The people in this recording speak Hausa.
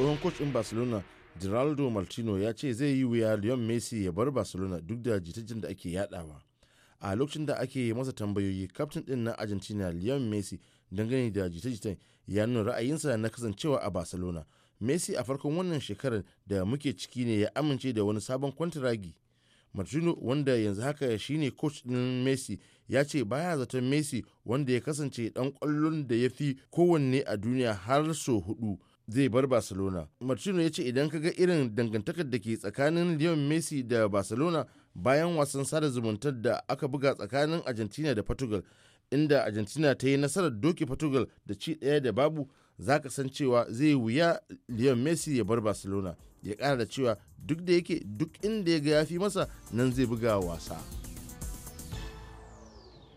tsohon coach in barcelona geraldo martino ya ce zai yi wuya leon messi ya bar barcelona duk da jitajen da ake yadawa a lokacin da ake masa tambayoyi kaftin din na argentina leon messi dangane da jita ya nuna ra'ayinsa na kasancewa a barcelona messi a farkon wannan shekarar da muke ciki ne ya amince da wani sabon kwantiragi martino wanda yanzu haka shine coach din messi ya ce baya zaton messi wanda ya kasance dan kwallon da ya fi kowanne a duniya har so hudu zai bar barcelona martino ya ce idan ka ga irin dangantakar da ke tsakanin leon messi da barcelona bayan wasan sada zumuntar da aka buga tsakanin argentina da portugal inda argentina ta yi nasarar doki portugal da ci ɗaya da babu za ka san cewa zai wuya leon messi ya bar barcelona ya ƙara da cewa duk da yake duk inda ya ga ya fi masa nan zai buga wasa.